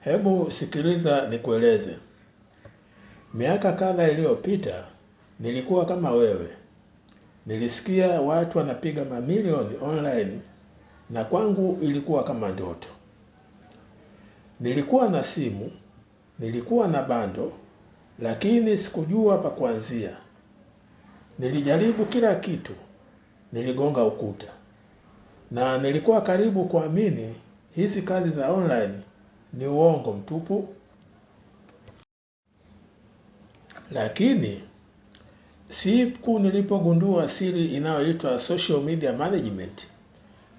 Hebu sikiliza nikueleze. Miaka kadha iliyopita nilikuwa kama wewe. Nilisikia watu wanapiga mamilioni online na kwangu ilikuwa kama ndoto. Nilikuwa na simu, nilikuwa na bando, lakini sikujua pa kuanzia. Nilijaribu kila kitu, niligonga ukuta. Na nilikuwa karibu kuamini hizi kazi za online ni uongo mtupu, lakini siku nilipogundua siri inayoitwa social media management,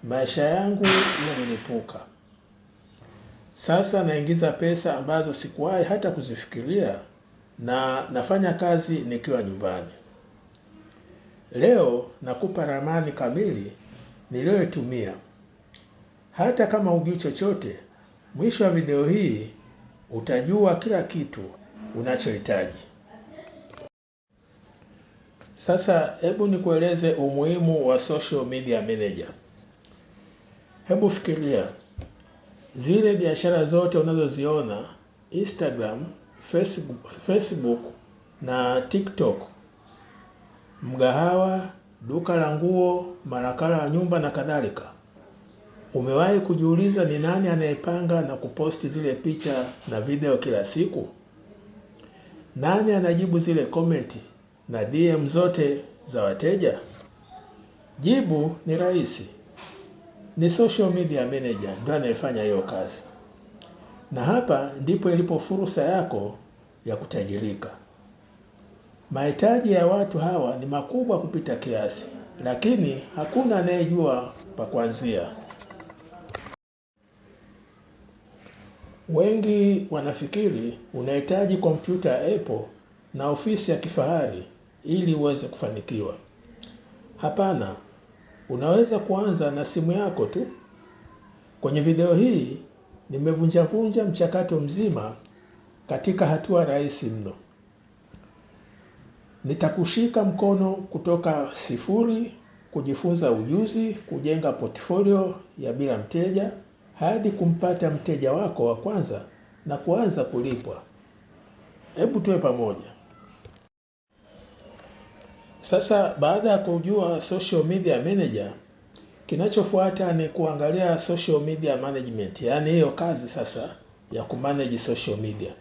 maisha yangu yalilipuka. Sasa naingiza pesa ambazo sikuwahi hata kuzifikiria na nafanya kazi nikiwa nyumbani. Leo nakupa ramani kamili niliyoitumia. Hata kama hujui chochote, Mwisho wa video hii utajua kila kitu unachohitaji. Sasa hebu nikueleze umuhimu wa social media manager. Hebu fikiria zile biashara zote unazoziona Instagram, Facebook, na TikTok, mgahawa, duka la nguo, marakala ya nyumba na kadhalika. Umewahi kujiuliza ni nani anayepanga na kuposti zile picha na video kila siku? Nani anajibu zile komenti na DM zote za wateja? Jibu ni rahisi. Ni social media manager ndo anayefanya hiyo kazi. Na hapa ndipo ilipo fursa yako ya kutajirika. Mahitaji ya watu hawa ni makubwa kupita kiasi, lakini hakuna anayejua pa kuanzia. Wengi wanafikiri unahitaji kompyuta ya Apple na ofisi ya kifahari ili uweze kufanikiwa. Hapana, unaweza kuanza na simu yako tu. Kwenye video hii nimevunjavunja mchakato mzima katika hatua rahisi mno. Nitakushika mkono kutoka sifuri, kujifunza ujuzi, kujenga portfolio ya bila mteja hadi kumpata mteja wako wa kwanza na kuanza kulipwa. Hebu tuwe pamoja. Sasa baada ya kujua social media manager, kinachofuata ni kuangalia social media management, yaani hiyo kazi sasa ya kumanage social media.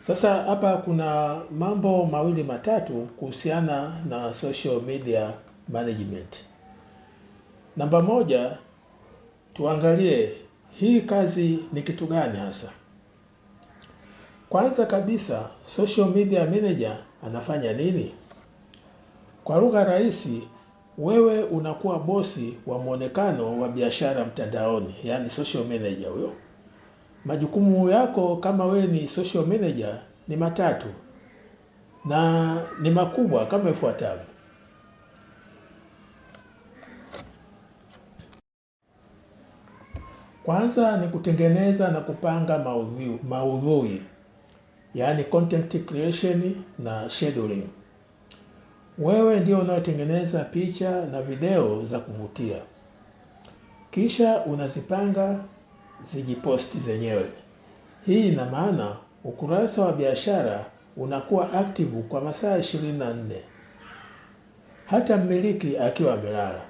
Sasa hapa kuna mambo mawili matatu kuhusiana na social media management. Namba moja, tuangalie hii kazi ni kitu gani hasa? Kwanza kabisa, social media manager anafanya nini? Kwa lugha rahisi, wewe unakuwa bosi wa mwonekano wa biashara mtandaoni, yaani social manager huyo. Majukumu yako kama wewe ni social manager ni matatu na ni makubwa kama ifuatavyo. Kwanza ni kutengeneza na kupanga maudhui, maudhui yaani content creation na scheduling. Wewe ndio unaotengeneza picha na video za kuvutia, kisha unazipanga zijiposti zenyewe. Hii ina maana ukurasa wa biashara unakuwa active kwa masaa 24 hata mmiliki akiwa amelala.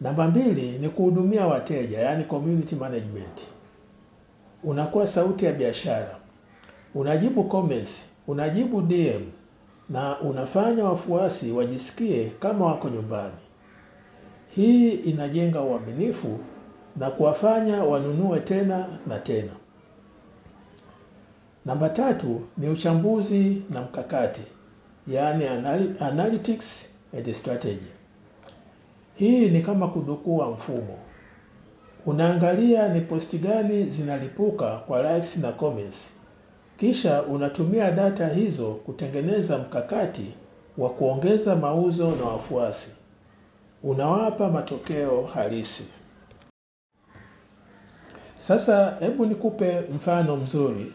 Namba mbili ni kuhudumia wateja, yani community management. Unakuwa sauti ya biashara, unajibu comments, unajibu DM na unafanya wafuasi wajisikie kama wako nyumbani. Hii inajenga uaminifu na kuwafanya wanunue tena na tena. Namba tatu ni uchambuzi na mkakati, yaani analytics and strategy. Hii ni kama kudukua mfumo. Unaangalia ni posti gani zinalipuka kwa likes na comments. Kisha unatumia data hizo kutengeneza mkakati wa kuongeza mauzo na wafuasi. Unawapa matokeo halisi. Sasa hebu nikupe mfano mzuri.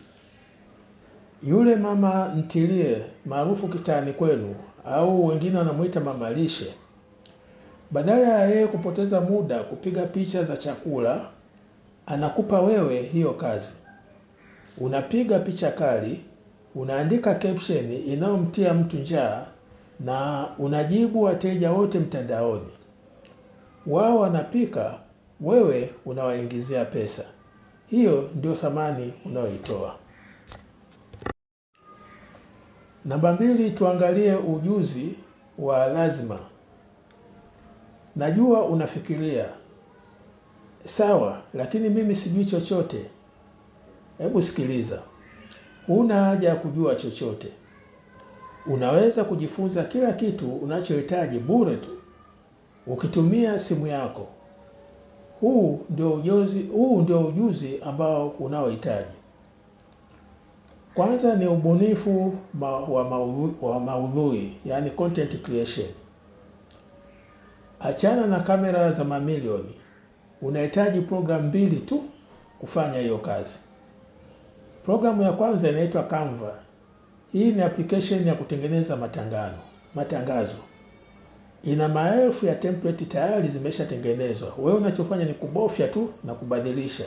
Yule mama ntilie maarufu kitani kwenu au wengine wanamuita mama lishe badala ya yeye kupoteza muda kupiga picha za chakula, anakupa wewe hiyo kazi. Unapiga picha kali, unaandika caption inayomtia mtu njaa na unajibu wateja wote mtandaoni. Wao wanapika, wewe unawaingizia pesa. Hiyo ndio thamani unayoitoa. Namba mbili, tuangalie ujuzi wa lazima najua unafikiria sawa, lakini mimi sijui chochote. Hebu sikiliza, huna haja ya kujua chochote. Unaweza kujifunza kila kitu unachohitaji bure tu ukitumia simu yako. Huu ndio ujuzi, huu ndio ujuzi ambao unaohitaji. Kwanza ni ubunifu ma, wa maudhui, wa maudhui yani content creation. Achana na kamera za mamilioni, unahitaji programu mbili tu kufanya hiyo kazi. Programu ya kwanza inaitwa Canva. Hii ni application ya kutengeneza matangano, matangazo. Ina maelfu ya template tayari zimeshatengenezwa. Wewe unachofanya ni kubofya tu na kubadilisha.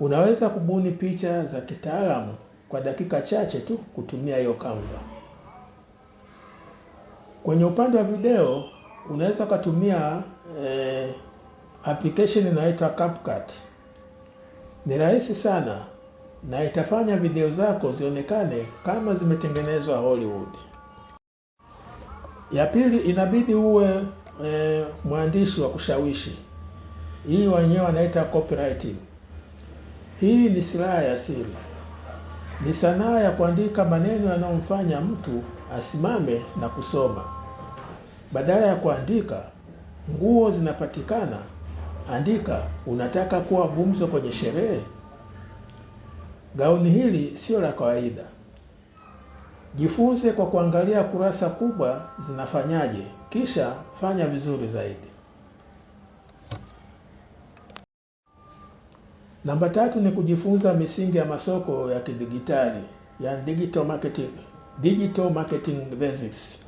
Unaweza kubuni picha za kitaalamu kwa dakika chache tu kutumia hiyo Canva. Kwenye upande wa video unaweza ukatumia eh, application inaitwa CapCut. Ni rahisi sana na itafanya video zako zionekane kama zimetengenezwa Hollywood. Ya pili, inabidi uwe eh, mwandishi wa kushawishi. Hii wenyewe wanaita copywriting. Hii ni silaha ya siri, ni sanaa ya kuandika maneno yanayomfanya mtu asimame na kusoma. Badala ya kuandika nguo zinapatikana, andika unataka kuwa gumzo kwenye sherehe. Gauni hili sio la kawaida. Jifunze kwa kuangalia kurasa kubwa zinafanyaje, kisha fanya vizuri zaidi. Namba tatu ni kujifunza misingi ya masoko ya kidigitali, yani digital marketing, digital marketing basics.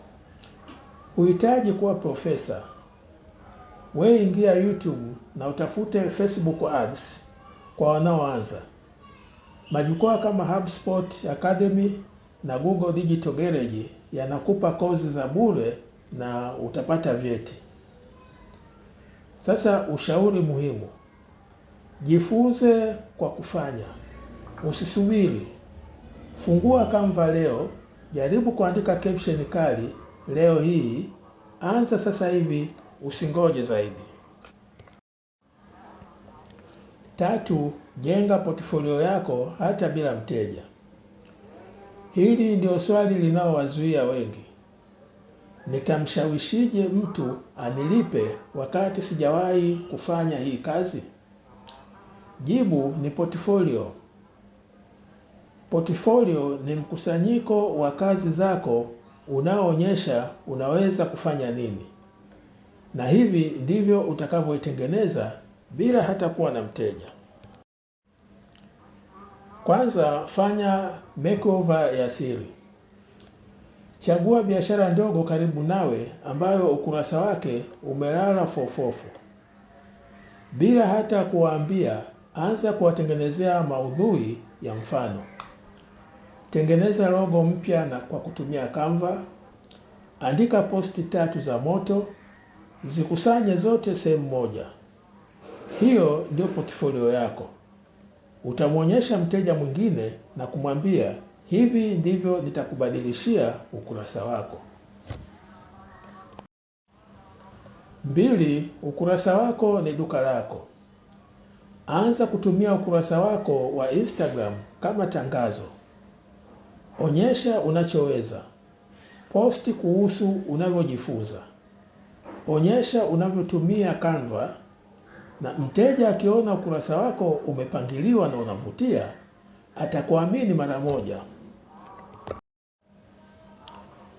Huhitaji kuwa profesa. We ingia YouTube na utafute Facebook ads kwa wanaoanza. Majukwaa kama HubSpot Academy na Google Digital Garage yanakupa kozi za bure na utapata vyeti. Sasa ushauri muhimu. Jifunze kwa kufanya. Usisubiri. Fungua Canva leo, jaribu kuandika caption kali leo hii, anza sasa hivi, usingoje zaidi. Tatu, jenga portfolio yako hata bila mteja. Hili ndio swali linalowazuia wengi. Nitamshawishije mtu anilipe wakati sijawahi kufanya hii kazi? Jibu ni portfolio. Portfolio ni mkusanyiko wa kazi zako unaoonyesha unaweza kufanya nini, na hivi ndivyo utakavyoitengeneza bila hata kuwa na mteja. Kwanza, fanya makeover ya siri. Chagua biashara ndogo karibu nawe ambayo ukurasa wake umelala fofofo. Bila hata kuwaambia, anza kuwatengenezea maudhui ya mfano. Tengeneza logo mpya na kwa kutumia Canva. Andika posti tatu za moto, zikusanye zote sehemu moja. Hiyo ndio portfolio yako. Utamwonyesha mteja mwingine na kumwambia hivi ndivyo nitakubadilishia ukurasa wako. Mbili, ukurasa wako ni duka lako. Anza kutumia ukurasa wako wa Instagram kama tangazo. Onyesha unachoweza. Posti kuhusu unavyojifunza. Onyesha unavyotumia Canva, na mteja akiona ukurasa wako umepangiliwa na unavutia, atakuamini mara moja.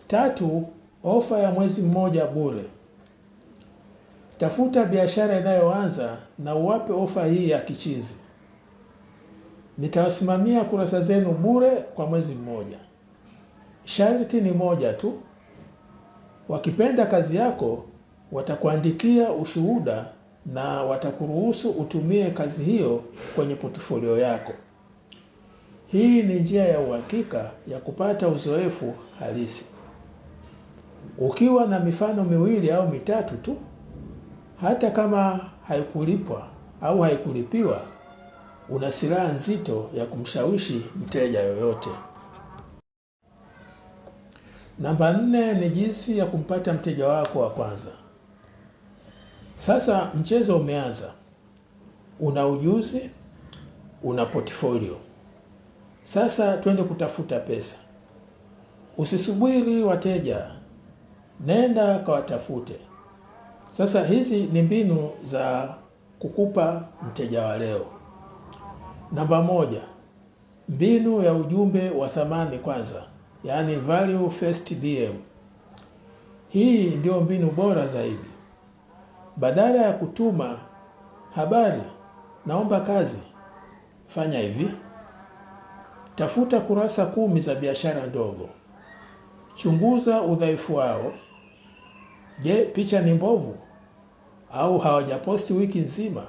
Tatu, ofa ya mwezi mmoja bure. Tafuta biashara inayoanza na uwape ofa hii ya kichizi. Nitawasimamia kurasa zenu bure kwa mwezi mmoja. Sharti ni moja tu, wakipenda kazi yako watakuandikia ushuhuda na watakuruhusu utumie kazi hiyo kwenye portfolio yako. Hii ni njia ya uhakika ya kupata uzoefu halisi. Ukiwa na mifano miwili au mitatu tu, hata kama haikulipwa au haikulipiwa una silaha nzito ya kumshawishi mteja yoyote. Namba nne ni jinsi ya kumpata mteja wako wa kwanza. Sasa mchezo umeanza, una ujuzi, una portfolio. Sasa twende kutafuta pesa. Usisubiri wateja, nenda kawatafute. Sasa hizi ni mbinu za kukupa mteja wa leo. Namba moja, mbinu ya ujumbe wa thamani kwanza, yaani value first DM. Hii ndio mbinu bora zaidi. Badala ya kutuma habari, naomba kazi, fanya hivi: tafuta kurasa kumi za biashara ndogo, chunguza udhaifu wao. Je, picha ni mbovu au hawajaposti wiki nzima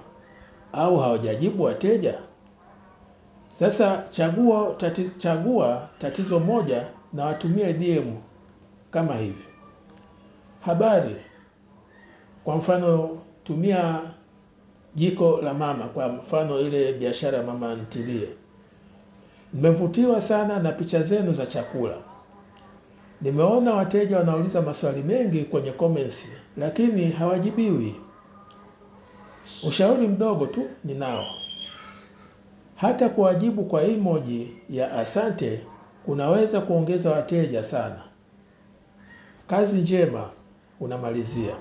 au hawajajibu wateja? Sasa chagua tatizo, chagua tatizo moja na watumie DM kama hivi. Habari, kwa mfano tumia jiko la mama, kwa mfano ile biashara mama ntilie. Nimevutiwa sana na picha zenu za chakula. Nimeona wateja wanauliza maswali mengi kwenye comments, lakini hawajibiwi. Ushauri mdogo tu ninao. Hata kuwajibu kwa emoji ya asante kunaweza kuongeza wateja sana. Kazi njema, unamalizia.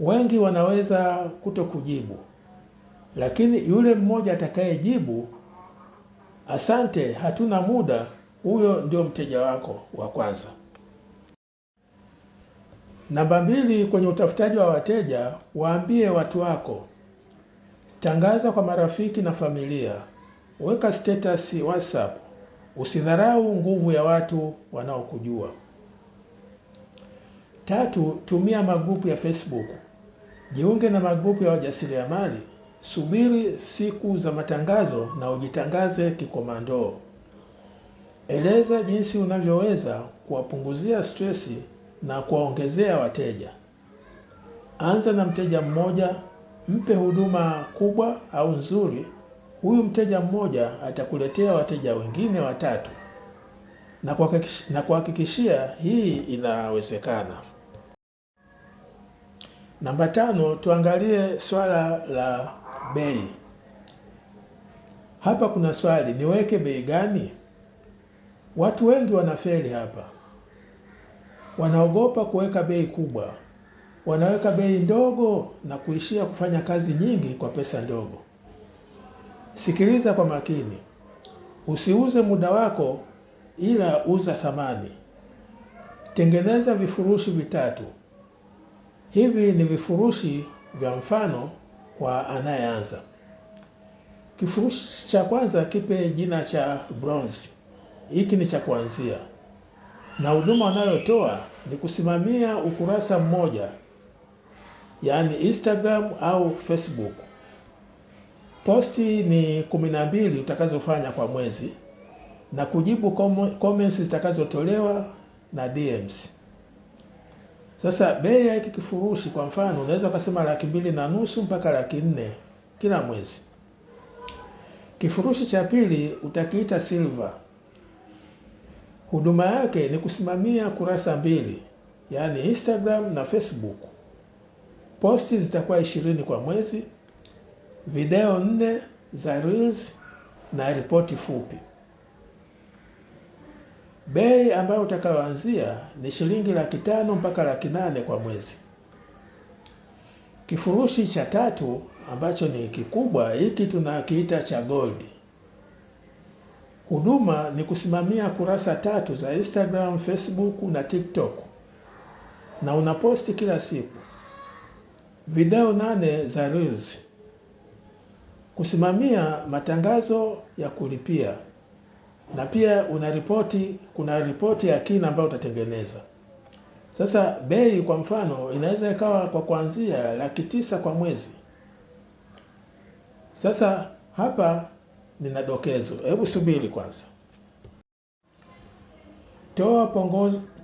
Wengi wanaweza kuto kujibu, lakini yule mmoja atakayejibu asante, hatuna muda, huyo ndio mteja wako wa kwanza. Namba mbili, kwenye utafutaji wa wateja, waambie watu wako Tangaza kwa marafiki na familia. Weka status WhatsApp. Usidharau nguvu ya watu wanaokujua. Tatu, tumia magrupu ya Facebook. Jiunge na magrupu ya wajasiriamali. Subiri siku za matangazo na ujitangaze kikomandoo. Eleza jinsi unavyoweza kuwapunguzia stresi na kuwaongezea wateja. Anza na mteja mmoja mpe huduma kubwa au nzuri, huyu mteja mmoja atakuletea wateja wengine watatu, na kuhakikishia hii inawezekana. Namba tano, tuangalie swala la bei. Hapa kuna swali, niweke bei gani? Watu wengi wanafeli hapa, wanaogopa kuweka bei kubwa wanaweka bei ndogo na kuishia kufanya kazi nyingi kwa pesa ndogo. Sikiliza kwa makini, usiuze muda wako, ila uza thamani. Tengeneza vifurushi vitatu. Hivi ni vifurushi vya mfano kwa anayeanza. Kifurushi cha kwanza kipe jina cha bronze. Hiki ni cha kuanzia, na huduma wanayotoa ni kusimamia ukurasa mmoja yaani Instagram au Facebook. Posti ni kumi na mbili utakazofanya kwa mwezi na kujibu comments zitakazotolewa na DMs. Sasa bei ya hiki kifurushi kwa mfano unaweza ukasema laki mbili na nusu mpaka laki nne kila mwezi. Kifurushi cha pili utakiita silver. Huduma yake ni kusimamia kurasa mbili, yaani Instagram na Facebook. Posti zitakuwa ishirini kwa mwezi, video nne za reels na ripoti fupi. Bei ambayo utakayoanzia ni shilingi laki tano mpaka laki nane kwa mwezi. Kifurushi cha tatu ambacho ni kikubwa, hiki tunakiita cha gold. Huduma ni kusimamia kurasa tatu za Instagram, Facebook na TikTok, na unaposti kila siku video nane za Reels, kusimamia matangazo ya kulipia, na pia una ripoti, kuna ripoti ya kina ambayo utatengeneza. Sasa bei kwa mfano inaweza ikawa kwa kuanzia laki tisa kwa mwezi. Sasa hapa nina dokezo, hebu subiri kwanza. Toa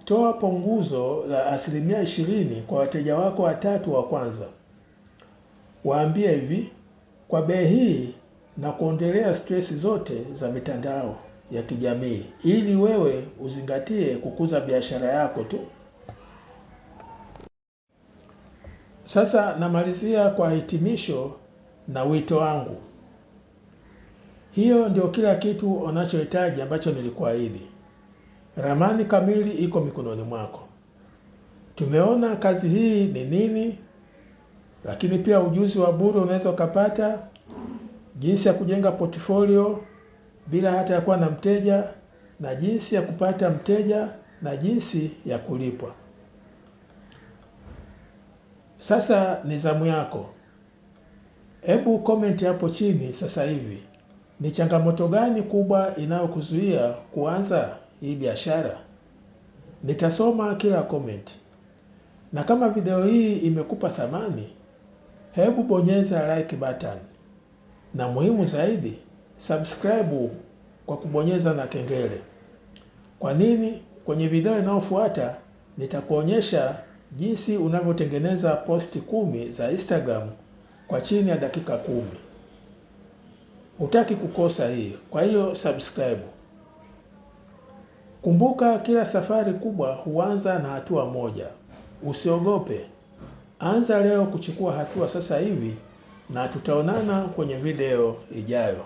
toa punguzo la asilimia ishirini kwa wateja wako watatu wa kwanza. Waambie hivi, kwa bei hii na kuondelea stress zote za mitandao ya kijamii ili wewe uzingatie kukuza biashara yako tu. Sasa namalizia kwa hitimisho na wito wangu. Hiyo ndio kila kitu unachohitaji ambacho nilikuahidi. Ramani kamili iko mikononi mwako. Tumeona kazi hii ni nini, lakini pia ujuzi wa bure unaweza ukapata jinsi ya kujenga portfolio bila hata ya kuwa na mteja na jinsi ya kupata mteja na jinsi ya kulipwa. Sasa ni zamu yako. Hebu comment hapo chini sasa hivi. Ni changamoto gani kubwa inayokuzuia kuanza hii biashara, nitasoma kila comment, na kama video hii imekupa thamani, hebu bonyeza like button, na muhimu zaidi subscribe kwa kubonyeza na kengele. Kwa nini? Kwenye video inayofuata nitakuonyesha jinsi unavyotengeneza posti kumi za Instagram kwa chini ya dakika kumi. Hutaki kukosa hii, kwa hiyo subscribe. Kumbuka, kila safari kubwa huanza na hatua moja. Usiogope, anza leo kuchukua hatua sasa hivi, na tutaonana kwenye video ijayo.